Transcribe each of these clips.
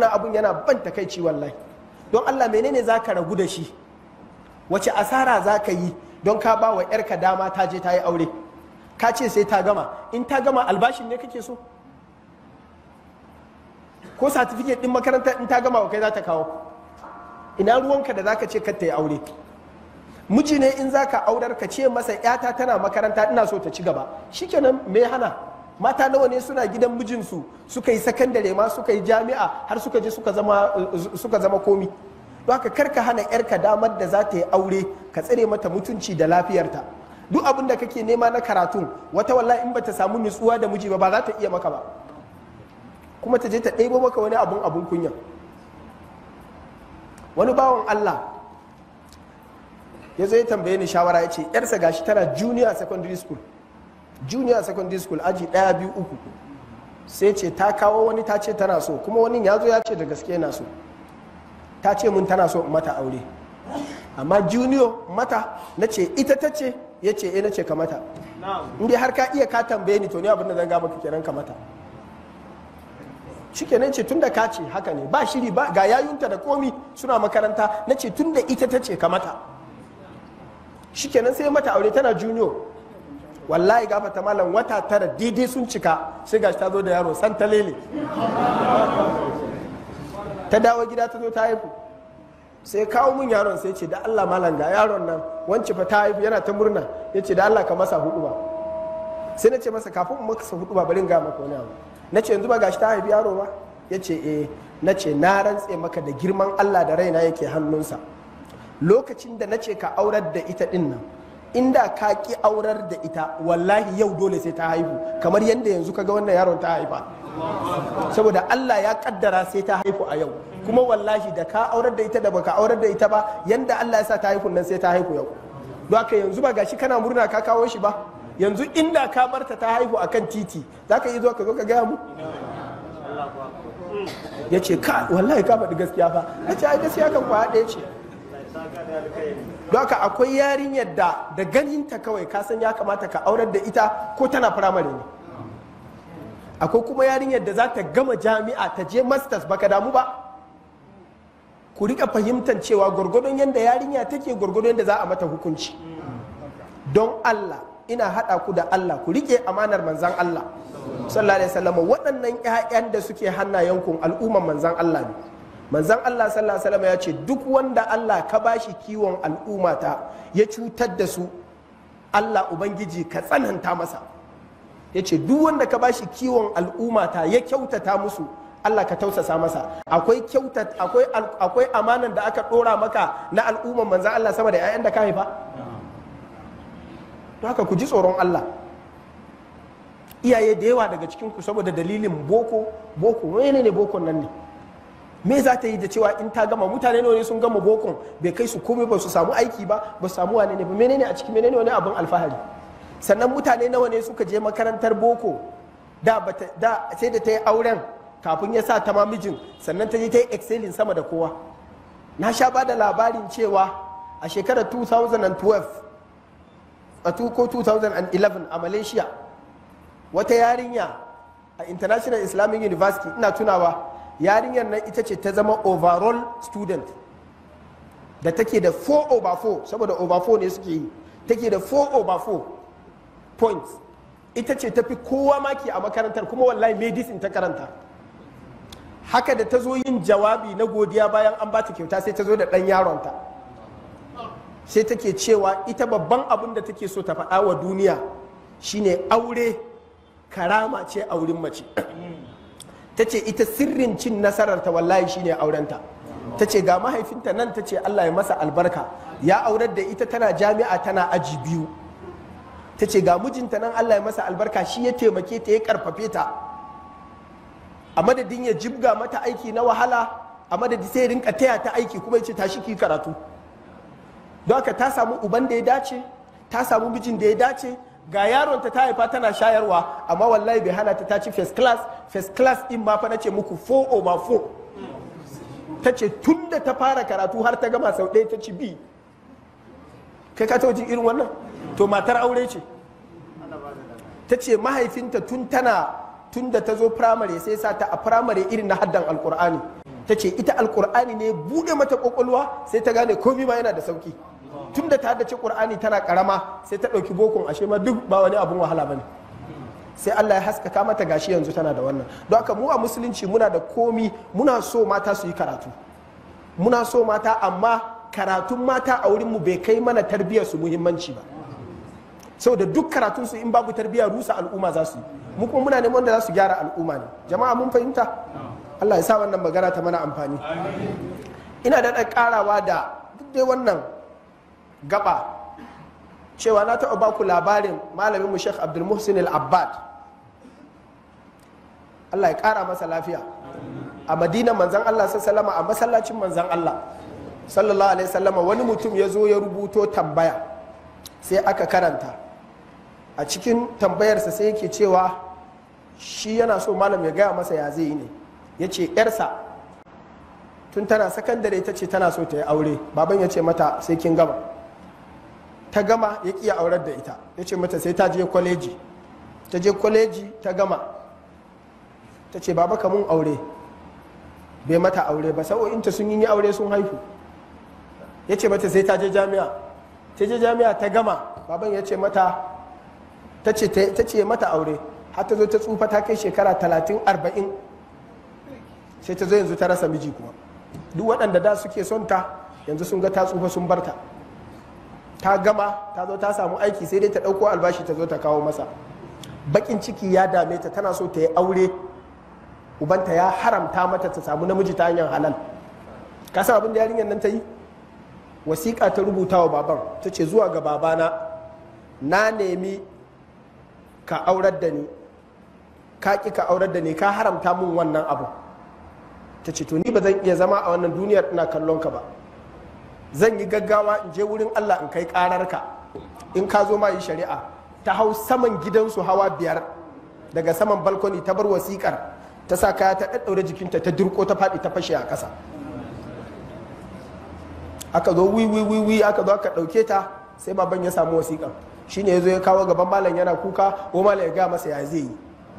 wani abun yana ban takaici wallahi don Allah menene za ka ragu da shi wace asara za ka yi don ka ba wa ‘yarka dama ta je ta yi aure ka ce sai ta gama in ta gama albashin ne kake so ko satifiket ɗin makaranta in ta gama kai za ta kawo ina ruwanka da zaka ce kar ta yi aure miji ne in za ka aurar ka ce masa ‘yata tana makaranta ina so ta ci gaba shikenan me hana mata nawa ne suna gidan mijinsu suka yi sakandare ma suka yi jami'a har suka je suka zama komi don haka karka hana yarka damar da za ta yi aure ka tsare mata mutunci da lafiyarta duk abinda da kake nema na karatun wata wallahi in bata samu nutsuwa da miji ba ba za ta iya maka ba kuma ta je ta ɗebo maka wani abun abun kunya wani bawan Allah ya zo ya tambaye ni shawara ya ce yarsa gashi tana junior secondary school junior secondary school aji ɗaya biyu uku sai ce ta kawo wani ta ce tana so kuma wani ya zo ya ce da gaske yana so ta ce mun tana so mata aure amma junior mata na ce ita ta ce ya ce e na ce ka mata in har ka iya ka tambaye ni to ni abin da zan ga maka kenan ka mata shike ce tun da ka ce haka ne ba shiri ba ga yayunta da komi suna makaranta na ce tun da ita ta ce ka mata shikenan sai mata aure tana junior wallahi gafa ta malam wata tara didi sun cika sai gashi ta zo da yaro san ta lele ta dawo gida ta zo ta haifu sai kawo mun yaron sai ce da Allah malam ga yaron nan wance fa ta haifu yana ta murna ya ce da Allah ka masa hudu ba sai na ce masa kafin mu sa hudu ba bari ga maka wani abu na ce yanzu ba gashi ta haifi yaro ba ya ce eh na ce na rantse maka da girman Allah da raina yake hannunsa lokacin da na ce ka aurar da ita din nan inda ka ki aurar da ita wallahi yau dole sai ta haihu kamar yadda yanzu kaga wannan yaron ta haifa saboda Allah ya kaddara sai ta haihu a yau kuma wallahi da ka aurar da ita da baka aurar da ita ba yadda Allah ya sa ta haihu nan sai ta haihu yau don haka yanzu ba gashi kana murna ka kawo shi ba yanzu inda ka barta ta haihu akan titi za ka yi zuwa ka zo ka gaya mu ya ce ka wallahi ka faɗi gaskiya fa ya ce ai gaskiya kan kwa ɗaya ce don haka akwai yarinyar da da ganinta kawai kasan ya kamata ka aurar da ita ko tana firamare ne akwai kuma yarinyar da za ta gama jami'a ta je masters baka damu ba ku rika fahimtar cewa gwargwadon yadda yarinya take gwargwadon yadda za a mata hukunci don Allah ina haɗa ku da Allah ku rike amanar manzan Allah sallallahu alaihi wasallam waɗannan 'ya'yan da suke hannayen kun al'umman manzan Allah ne manzan Allah sallallahu alaihi wasallam ya ce duk wanda Allah ka bashi kiwon ta ya cutar da su Allah ubangiji ka tsananta masa ya ce duk wanda ka bashi kiwon ta ya kyautata musu Allah ka tausasa masa akwai kyauta akwai amanan da aka dora maka na al'umman manzan Allah sama da 'ya'yan da ka haifa to haka ku ji tsoron Allah iyaye da yawa daga cikin ku saboda dalilin boko boko wene ne bokon nan ne me za ta yi da cewa in ta gama mutane ne sun gama bokon bai kai su komai ba su samu aiki ba ba samu wane ne ba menene a cikin menene wani abin alfahari sannan mutane nawa ne suka je makarantar boko da da sai da ta yi auren kafin ya sa ta ma mijin sannan ta je ta yi excelling sama da kowa na sha ba da labarin cewa a shekarar 2012 a ko 2011 a malaysia wata yarinya a international islamic university ina tunawa yarinyar nan ita ce ta zama overall student da take da 4 over 4 saboda over 4 ne suke yi take da 4 over 4 points ita ce ta fi kowa maki a makarantar kuma wallahi medicine ta karanta haka da ta zo yin jawabi na godiya bayan an ba ta kyauta sai ta zo da ɗan yaronta sai take cewa ita babban abin da take so ta faɗa wa duniya shine aure karama ce a wurin mace ta ce ita sirrin cin nasarar ta wallahi shine aurenta ta ce ga mahaifinta nan ta ce Allah ya masa albarka ya aurar da ita tana jami'a tana aji biyu ta ce ga mijinta nan Allah ya masa albarka shi ya taimake ta ya karfafe ta a madadin ya jibga mata aiki na wahala a madadin sai rinka taya ta aiki kuma ya ce tashi ki karatu don haka ta samu uban da ya dace ta samu mijin da ya dace ga yaron ta haifa tana shayarwa amma wallahi bai hana ta ta ci first class first class in ma fa nace muku 4 over 4 ta ce tun da ta fara karatu har ta gama sau ɗaya ta ci bi kai ka jin irin wannan to matar aure ce ta ce mahaifinta tun tana tun da ta zo firamare sai sa ta a firamare irin na haddan alkur'ani ta ce ita alkur'ani ne buɗe mata ƙwaƙwalwa sai ta gane komi ma yana da sauki tun da ta haddace qur'ani tana karama sai ta ɗauki bokon ashe ma duk ba wani abun wahala bane sai Allah ya haskaka mata gashi yanzu tana da wannan don haka mu a musulunci muna da komi muna so mata su yi karatu muna so mata amma karatun mata a wurin mu bai kai mana tarbiyyar su muhimmanci ba saboda duk karatun su in babu tarbiyya rusa al'umma za su yi mu kuma muna neman da za su gyara al'umma ne jama'a mun fahimta Allah ya sa wannan magana ta mana amfani ina da ƙarawa da duk dai wannan gaba cewa na taɓa baku labarin malamin mu Sheikh Abdul Muhsin Al-Abbad Allah ya ƙara masa lafiya a Madina manzan Allah sallama a masallacin manzan Allah sallallahu alaihi sallama wani mutum ya zo ya rubuto tambaya sai aka karanta a cikin tambayarsa sai yake cewa shi yana so malam ya gaya masa ya zai ne ya ce yarsa tun tana sakandare ta ce tana so ta yi aure baban ya ce mata sai kin gaba ta gama ya ƙiya aurar da ita ya ce mata sai ta je kwaleji ta je kwaleji ta gama ta ce baba ka mun aure bai mata aure ba ta sun yi aure sun haihu ya ce mata sai ta je jami'a ta je jami'a ta gama baban ya ce mata ta ce mata aure har ta zo ta tsufa ta kai shekara talatin arba'in sai ta zo yanzu ta rasa miji kuma duk waɗanda da suke son ta yanzu sun ga ta tsufa sun barta ta gama ta zo ta samu aiki sai dai ta ɗauko albashi ta zo ta kawo masa bakin ciki ya dame ta tana so ta yi aure ubanta ya haramta mata ta samu namiji ta hanyar halal ka san abin da yarinyar nan ta yi wasiƙa ta rubuta wa baban ta ce zuwa ga babana na nemi ka aurar da ni ka ƙi ka aurar da ni ka haramta min wannan abu ta ce to ni ba zan iya zama a wannan duniyar ina kallon ka ba zan yi gaggawa in je wurin Allah in kai kararka in ka zo ma yi shari'a ta hau saman gidansu hawa biyar daga saman balkoni ta bar wasikar ta sa kaya ta ɗaɗɗaure jikinta ta dirko ta faɗi ta fashe a ƙasa aka zo wi wi aka zo aka ɗauke ta sai baban ya samu wasiƙar shine ya zo ya kawo gaban malam yana kuka ko malam ya gaya masa ya zai yi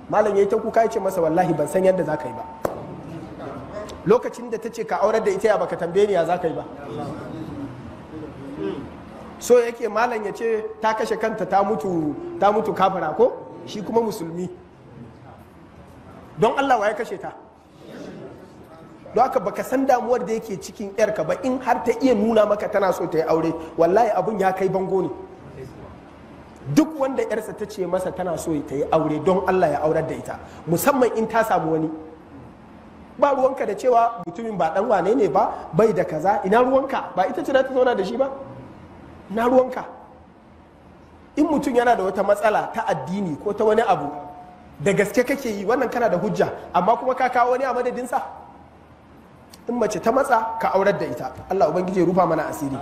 malam ya yi ta kuka ya ce masa wallahi ban san yadda za ka yi ba lokacin da ta ce ka aurar da ita ya baka tambaye ni ya za ka yi ba so yake malam ya ce ta kashe kanta ta mutu ta mutu kafara ko shi kuma musulmi don Allah ya kashe ta don haka baka san damuwar da yake cikin yarka ba in har ta iya nuna maka tana so ta yi aure wallahi abun ya kai bango ne duk wanda yarsa ta ce masa tana so ta yi aure don Allah ya aurar da ita musamman in ta samu wani ba ruwanka da cewa mutumin ba dan wane ne ba bai da kaza ina ruwanka ba ita ce za ta zauna da shi ba na ruwanka in mutum yana da wata matsala ta addini ko ta wani abu da gaske kake yi wannan kana da hujja amma kuma ka kawo wani a madadinsa in mace ta matsa ka aurar da ita allah ubangiji ya rufa mana asiri